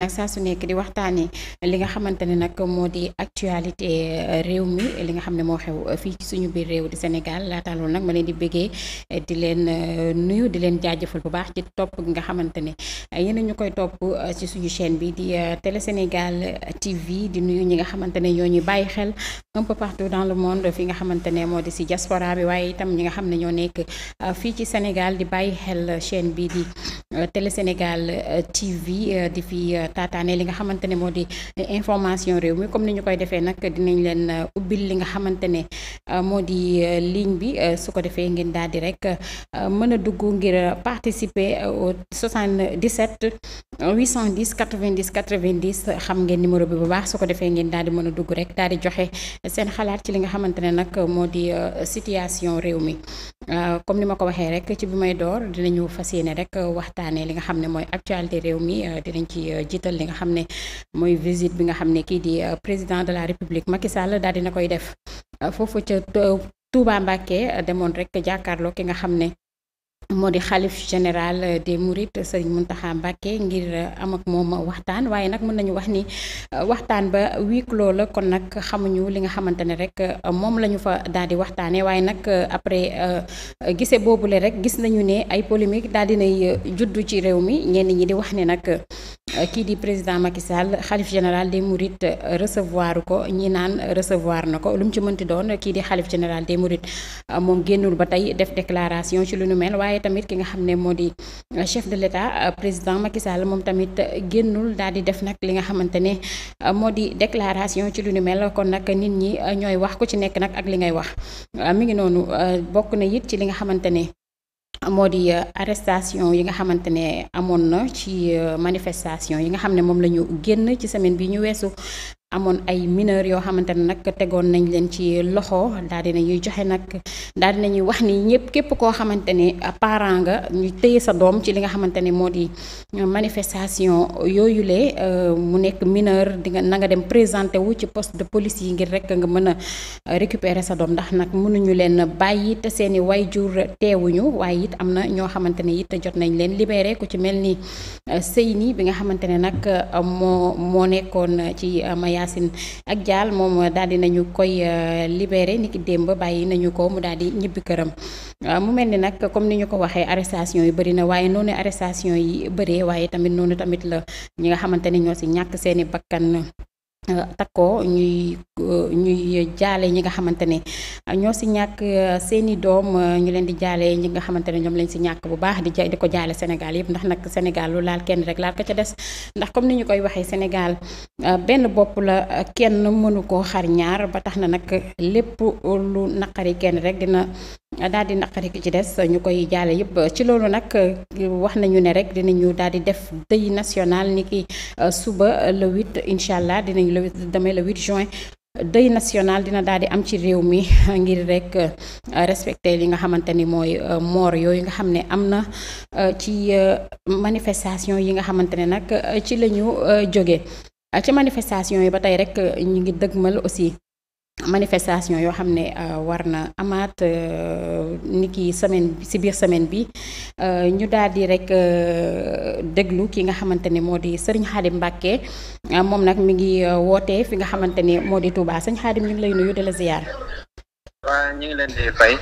nag saa su nekk di waxtaanee li nga xamante ne nag moo di actualité euh, réew mi li nga xam ne moo xew euh, fii ci suñu biir réew di Sénégal laata loolu nag ma leen di bëggee euh, di leen nuyu di leen jaajëfal bu baax ci topp gi nga xamante ne yéen ñu koy topp ci suñu chaîne bi di Télé Sénégal TV di nuyu ñi nga xamante ne ñoo ñuy bàyyi xel un partout dans le monde fi nga xamante ne moo di si diaspora bi waaye itam ñi nga xam ne ñoo nekk fii ci Sénégal di bàyyi xel chaîne bi di. Euh, Télé Sénégal euh, TV euh, di fi taataane li nga xamante ne moo di information réew mi comme ni ñu koy defee nag dinañ leen ubbil li nga xamante ne moo di ligne bi su ko defee ngeen daal di rek mën a dugg ngir participer au 77 810 90 90 xam ngeen numéro bi bu baax su ko defee ngeen daal di mën a dugg rek daal di joxe seen xalaat ci li nga xamante ne nag moo di situation réew mi. Euh, comme ni ma ko waxee rek ci bi may door dinañu fas yéene rek waxtaanee li nga xam ne mooy actualité réew mi euh, dinañ ci euh, jiital li nga xam ne mooy visite bi nga xam ne kii di président de la république Macky Sall daal dina koy def foofu ca Touba Mbacké demoon rek jàkkaarloo ki nga xam ne. moo di xalif général des Mourides Serigne Mountakha Mbacké ngir am ak moom waxtaan waaye nag mën nañu wax ni waxtaan ba huis clos la kon nag xamuñu li nga xamante ne rek moom lañu fa daal di waxtaanee waaye nag après euh, gise le rek gis nañu ne ay polémique daal dinay euh, juddu ci réew mi ñenn ñi di wax ne nag euh, kii di président Macky Sall xalif général des Mourides recevoir ko ñi naan recevoir na ko lu mu ci mënti doon kii di xalif général de Mourides moom génnul ba tey def déclaration ci lu waaye tamit ki nga xam ne moo di chef de l'État euh, président Macky Sall moom tamit génnul daal di def nag li nga xamante ne euh, moo di déclaration ci lu ni mel kon nag nit ñi euh, ñooy wax ko ci nekk nag ak li ngay wax mi ngi noonu bokk na it ci li nga xamante ne. moo di arrestation yi nga xamante ne amoon na ci manifestation yi nga xam ne moom lañu génn ci semaine bi ñu weesu amoon ay mineurs yoo xamante ne nag tegoon nañ leen ci loxo daal di nañuy joxe nag daal nañuy wax ni ñëpp képp koo xamante ne parent nga ñu téye sa doom ci li nga xamante ne moo di manifestation yooyule euh, mu nekk mineur di na nga dem présenté wu ci poste de police yi ngir rek nga mën a récupérer sa doom ndax nag mënuñu leen bàyyi te seen i wayjur teewuñu waaye it am na ñoo xamante ne it jot nañ leen libéré ku ci mel ni euh, Seyni bi nga xamante ne nag moo moo nekkoon ci euh, maya Yacine ak jaal moom daal di nañu koy euh, ni niki ba bàyyi nañu ko mu daal di ñibbi këram euh, mu mel ni nag comme ni ñu ko waxee arrestation yi bëri na waaye noonu arrestation yi bëree waaye tamit noonu tamit la ñi nga xamante ni ñoo si ñàkk seeni bakkan Euh, takkoo ñuy euh, ñuy jaale ñi nga xamante ne euh, ñoo si ñàkk seeni doom ñu leen di jaale ñi nga xamante ne ñoom lañ si ñàkk bu baax di di ko jaale Sénégal yëpp ndax nag Sénégal lu laal kenn rek laal ko ca des ndax comme ni ñu koy waxee senegal benn bopp la kenn mënu koo xar ñaar ba tax na nag lépp lu naqari kenn rek dina daal di naqari ki ci des ñu koy jaale yëpp ci loolu nag wax nañu ne rek dinañu daal di def deuil national ni ki euh, suba le 8 incha allah dinañu le 8 demain juin. deuil national dina daal di am ci réew mi ngir rek euh, respecter li nga xamante ni mooy euh, moor yooyu nga xam ne am na ci manifestation yi nga xamante ne nag ci la ñu jóge ci manifestation yi ba tey rek ñu ngi dëgmal aussi manifestation yoo xam ne euh, war na amaat euh, ni ki semaine bi ci biir semaine bi euh, ñu daal di rek déglu ki nga xamante ne moo di sëriñ Khadim Mbacké moom nag mi ngi woote fi nga xamante ne moo di Touba Serigne Khadim ñu ngi lay nuyu di la ziyaar. waaw ñu ngi leen di fay.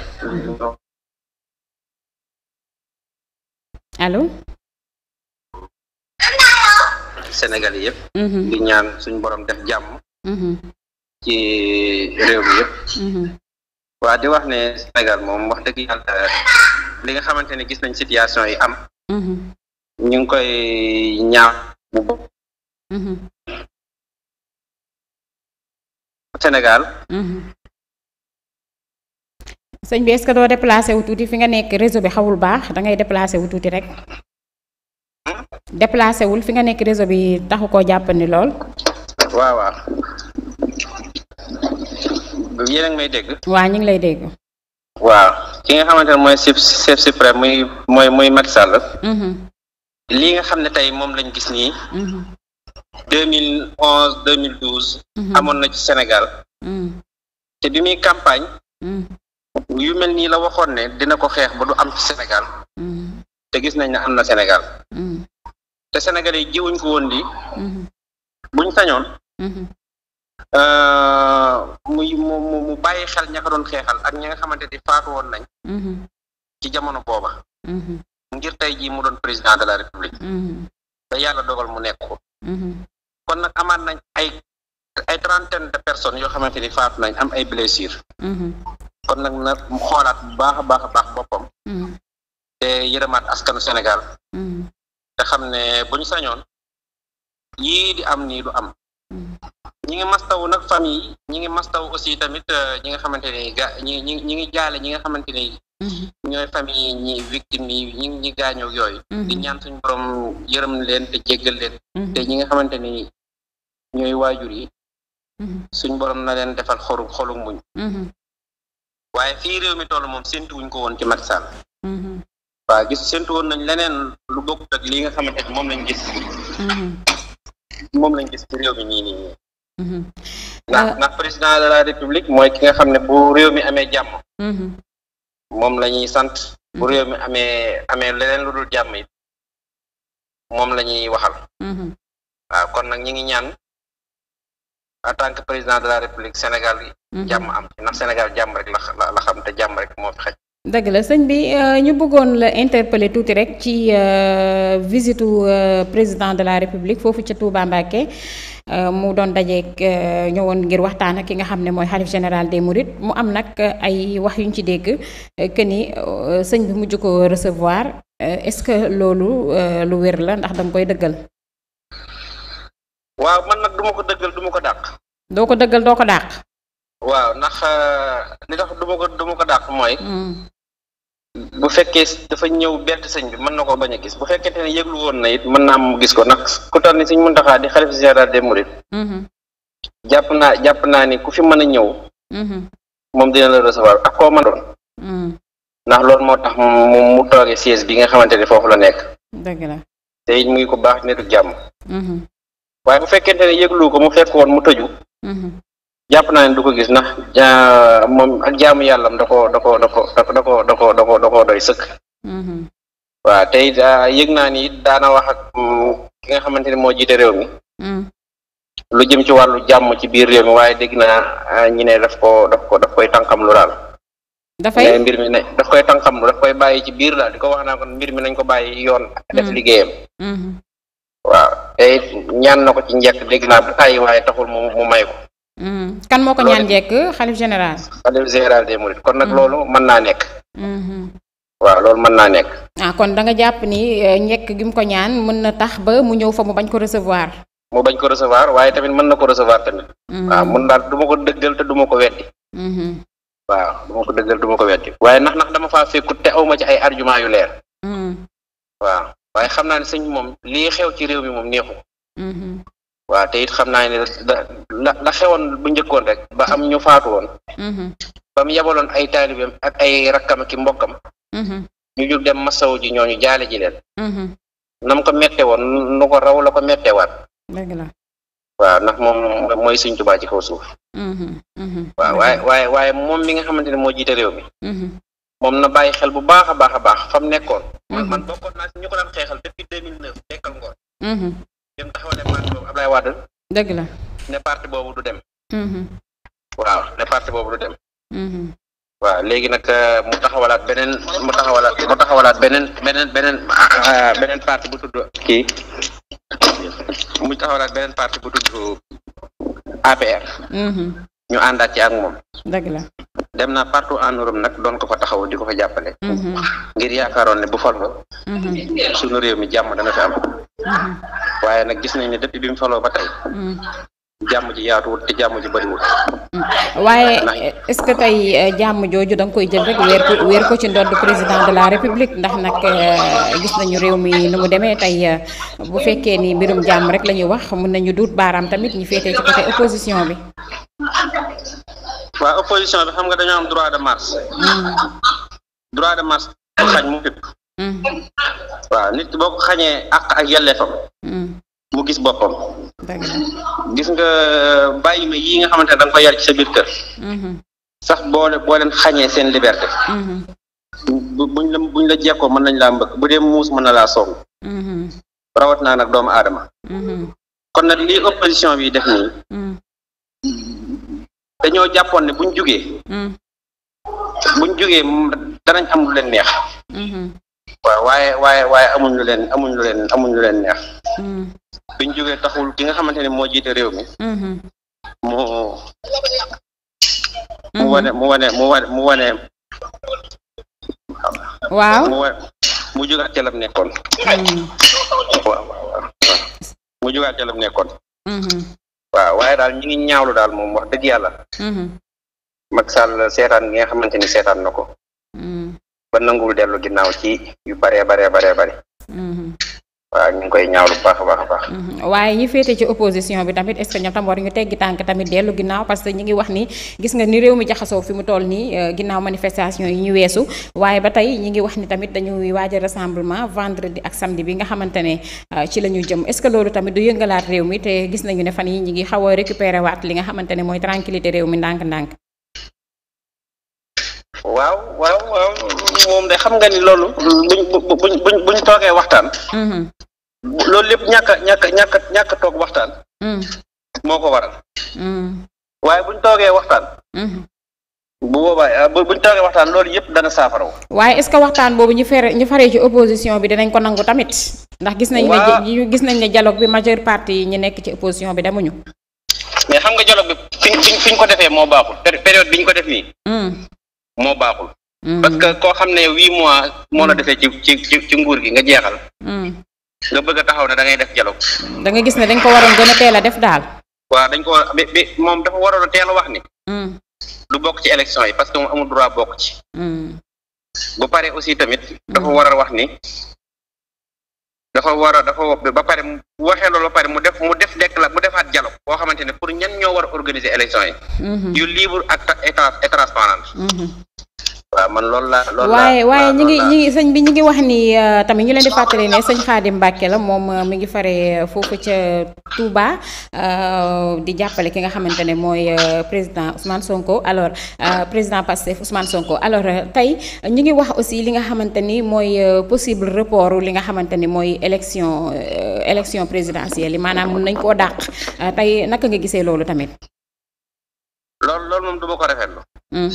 allo. Sénégal yëpp. Mm-hmm. ñaan suñu borom def jàmm. Mm-hmm. ci réew mi yëpp mhm. waa di wax ne Sénégal moom wax dëgg yàlla li nga xamante ne gis nañ situation yi am mhm. ñu ngi koy ñaaw bu mhm. Sénégal sëñ bi est-ce doo déplacé wu tuuti fi nga nekk réseau bi xawul baax da ngay déplacé wu tuuti rek hmm? déplacé wul fi nga nekk réseau bi taxu koo jàppandi lool waaw yéen a may dégg. waaw ñu ngi lay dégg. waaw ki nga xamante ne mooy chef chef suprême muy mooy muy Macky Sall. Mm-hmm. lii nga xam ne tey moom lañ gis nii. Mm-hmm. deux mille onze mm-hmm. amoon na ci Sénégal. te bi muy campagne. yu mel nii la waxoon ne dina ko xeex ba du am ci Sénégal. te gis nañ ne am na Sénégal. te Sénégalais yi jiwuñ ko woon di. buñ sañoon. Euh, muy mu mu mu bàyyi xel ña doon xeexal ak ña nga xamante ni faatu woon nañ. Mm-hmm. ci jamono booba. Mm-hmm. ngir tey ji mu doon président de la république. te mm-hmm. yàlla dogal mu nekk ko. kon nag amaat nañ ay ay trentaine de personnes yoo xamante ni faatu nañ am ay blessures. kon nag nag xoolaat bu baax a baax a baax boppam. te yërëmaat askanu Sénégal. te xam ne bu sañoon yii am nii du am. ñi ngi mastaw nag famille yi ñi ngi mastaw aussi tamit euh, ñi nga xamante ne ga ñi ñi ngi jaale ñi nga xamante ne mm-hmm. ñooy famille ñi victime yi ñi ñi gaañoo yooyu di mm-hmm. ñaan suñu borom yërëm leen te jéggal leen mm-hmm. te ñi nga xamante ne ñooy waajur yi suñu borom na leen defal xolu xolu muñ waaye fii réew mi toll moom wuñ ko woon ci Macky Sall gis séntu woon nañ leneen lu bokkut ak lii nga xamante ne moom lañ gis moom lañ gis ci réew mi nii Mm-hmm. ndax uh, ndax président de la république mooy ki nga xam ne bu réew mi amee jàmm mm-hmm. moom la sant bu mm-hmm. réew mi amee amee leneen lu dul jàmm it moom la ñuy waxal waaw kon nag ñi ngi ñaan en tant que président de la république Sénégal yi jàmm am ndax Sénégal jàmm rek la la xam te jàmm rek moo xaj dëgg la sëñ bi euh, ñu bëggoon la interpeller tuuti rek ci euh, visitu euh, président de la république foofu ca Touba Mbacké mu doon dajeek ñëwoon ngir waxtaan ak ki nga xam ne mooy xalif général des Mourides mu am nag ay wax yu ñu ci dégg que ni sëñ bi mujj ko recevoir est-ce que loolu lu wér la ndax danga koy dëggal. waaw man nag duma ko dëggal duma ko dàq. doo ko dëggal doo ko dàq. waaw ndax li tax duma ko duma ko dàq mooy. Hmm. bu fekkee dafa ñëw bett sëñ bi mën na koo bañ a gis bu fekkente ne yëglu woon na it mën naa mu gis ko ndax ku toll ni sëñ Muntaxa di xalif général des mourides mm-hmm. jàpp naa jàpp naa ni ku fi mën a ñëw mm-hmm. moom dina la recevoir ak koo mën doon mm-hmm. ndax loolu moo tax mu mu tooge siège bi nga xamante ne foofu la nekk te mu ngi ko baax nitu jàmm waaye bu fekkente ne yëglu ko mu fekk woon mu tëju jàpp naa ne du ko gis ndax moom ak jaamu yàllam da ko da ko da ko da ko da ko doy sëkk mm-hmm. waaw tey ah, yëg naa ni daana wax ak mm, ki nga xamante ni moo jiite réew mi mm. lu jëm ci wàllu jàmm ci biir réew mi waaye dégg naa ah, ñu ne daf ko daf ko daf koy tànqam lu daal dafay mbir mi ne daf koy tànqam lu koy bàyyi ci biir daal di wax naa mbir mi nañ ko bàyyi yoon mm. def liggéeyam mm-hmm. waaw tey ñaan na ko ci njëkk dégg naa bu tàyyi waaye mu may ko Hmm. kan moo ko ñaan jekk xalif général. xalif général des mourides kon nag hmm. loolu mën naa nekk. Hmm. waaw loolu mën naa nekk. ah kon da nga jàpp ni eh, njekk gi mu ko ñaan mën na tax ba mu ñëw fa mu bañ ko recevoir. mu bañ ko recevoir waaye tamit mën na ko recevoir tamit. waaw mun daal du ko dëggal te du ko weddi. waaw du ma du ma ko weddi waaye ndax nax dama fa fekkut te aw ma ci ay argument yu leer. waaw waaye xam naa ne sëñ moom lii xew ci réew mi moom neexu. waa te it xam naa ne la la xewoon bu njëkkoon rek ba am ñu faatu woon mm-hmm. ba mu ay taalibeem ak ay rakkam ki mbokkam mm-hmm. ñu jug dem masawu ji ñooñu jaale ji leen mm-hmm. nam ko mette woon nu ko raw la ko mettewaat dëgg la waaw ndax moom mooy Sëñ Tuubaa ci kaw suuf waaw waaye waaye moom mi nga xamante moo jiite réew mi moom na bàyyi xel bu baax a baax a baax fam nekkoon man bokkoon naa si ñu ko daan xeexal depuis deux mille neuf dekkal ngoon yéen taxawale parti boobu Ablaye Wade. dëgg la ne parti boobu du dem. Mm-hmm. waaw ne parti boobu du dem. Mm-hmm. waaw léegi nag euh, mu taxawalaat beneen mu taxawalaat mu taxawalaat beneen beneen beneen ah, ah, ah, beneen parti bu tudd kii mu taxawalaat beneen parti bu tudd APR. Mm-hmm. ñu àndaat ci ak moom. dëgg dem naa partout en Europe nag doon ko fa taxaw di ko fa jàppale. ngir yaakaaroon ne bu fal fa. suñu mi jàmm dana fi am. Mm-hmm. waaye nag gis nañ ne depuis bi mu faloo ba tey mm. jàmm ji yaatuwut te jàmm ji bëriwut mm. waaye eh, est-ce que tey eh, jàmm jooju danga koy jël rek weer ko weer ci ndodd président de la république ndax nag eh, gis nañu réew mi nu mu demee tey bu fekkee ni mbirum jàmm rek la wax mën nañu duut baaraam tamit ñu féetee ci côté opposition bi waaw opposition bi xam nga dañu am droit de marche mm. droit de marche xañ mu fépp Mhm. waaw nit boo xañee àq ak yelleefam mhm. mu gis boppam gis nga euh, bàyyi ma yi nga xamante ne da nga ko yar sa biir kër mhm. sax boo boo leen xañee seen liberté buñ la buñ la jekkoo mën nañ la mbëkk bu dee muus mën na laa song rawat naa nag doomu aadama kon nag lii opposition bi def nii dañoo jàppoon ne buñ jugee buñ jugee danañ am leen neex waaw waaye waaye waaye amuñ lu leen amuñ lu leen amuñ lu leen neex. Mm-hmm. biñ jógee taxul ki nga xamante ne moo jiite réew mi. Mm-hmm. mu mu mm-hmm. wane mu wane mu wane mu wane. telam mu wane mu jógaat ca lam nekkoon. mu jógaat ca lam nekkoon. waaw waaye daal ñu ngi ñaawlu daal moom wax dëgg yàlla. Macky Sall seetaan gi nga xamante ni seetaan na ko. ba nanguwul dellu ginnaaw ci yu baree baree baree bëri mhm. ñu ngi koy ñaawlu bu baax a baax a baax mhm. waaye ñi féete ci opposition bi tamit est-ce que ñoom tam war ñu teggi tànk tamit dellu ginnaaw parce que ñu ngi wax ni gis nga ni réew mi jaxasoo fi mu toll nii euh, ginnaaw manifestation yi ñu weesu waaye ba tey ñi ngi wax ni tamit dañuy waajal rassemblement vendredi ak samedi bi nga xamante ne euh, ci la ñu jëm est loolu tamit du yëngalaat réew mi te gis nañu ne fan yi ñi xaw a récupérer waat li nga xamante ne mooy tranquillité réew mi ndànk-ndànk waaw waaw waaw moom de xam nga ni loolu buñ buñ buñ buñ toogee waxtaan. Mm-hmm. loolu lépp ñàkk ñàkk ñàkk ñàkk a waxtaan. Mm. moo ko waral. Mm. waaye buñ toogee waxtaan. Mm-hmm. bu boobaa ah, buñ toogee waxtaan loolu yëpp dana saafaraw. waaye est-ce que waxtaan boobu ñu fere ñu faree ci opposition bi danañ ko nangu tamit. ndax gis nañ ne gis nañ ne dialogue bi majeure partie yi ñu nekk ci opposition bi demuñu. mais xam nga dialogue bi fi fi ñu ko defee moo baaxul période bi ñu ko def nii. Mm. moo baaxul. Mm-hmm. parce que koo xam ne huit mois moo la mm-hmm. defee ci ci ci nguur gi nga jeexal. Mm-hmm. nga bëgg a taxaw ne da ngay def dialogue. da nga gis ne dañ ko waroon gën a teel a def daal. waaw dañ ko war bi bi moom dafa waroon a teel a wax ni. du bokk ci élection yi parce que moom amul droit bokk ci. bu paree aussi tamit. dafa war wax ni dafa war a dafa wax ba pare mu waxee loolu ba pare mu def mu def décla mu defaat dialogue boo xamante ne pour ñan ñoo war a organiser élection yi. Mm-hmm. yu libre ak et transparente mm-hmm. waaye waaye ñu ngi ñu sëñ bi ñu ngi wax ni euh, tamit ñu leen di fàttali ne sëñ xaadi Mbàkke la moom euh, mi ngi faree euh, foofu ca Touba di jàppale ki nga xamante ne mooy président Ousmane Sonko alors président Pastef Ousmane Sonko alors tey ñu ngi wax aussi li nga xamante ni mooy possible report li nga xamante ni mooy élection élection présidentielle yi maanaam mun nañ koo dàq tey naka nga gisee loolu tamit. loolu loolu moom du ma ko rafetlu. Hmm.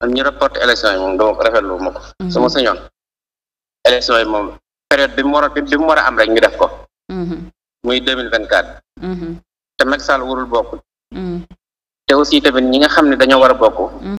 man ñu reporté élection yi moom dama ko rafetlu ma ko mhm. su ma sañoon élection yi moom période bi mu a a am rek ñu def ko mhm. muy deux mille vingt quatre mhm. te Macky Sall warul bokk te aussi tamit ñi nga xam ne dañoo war a bokk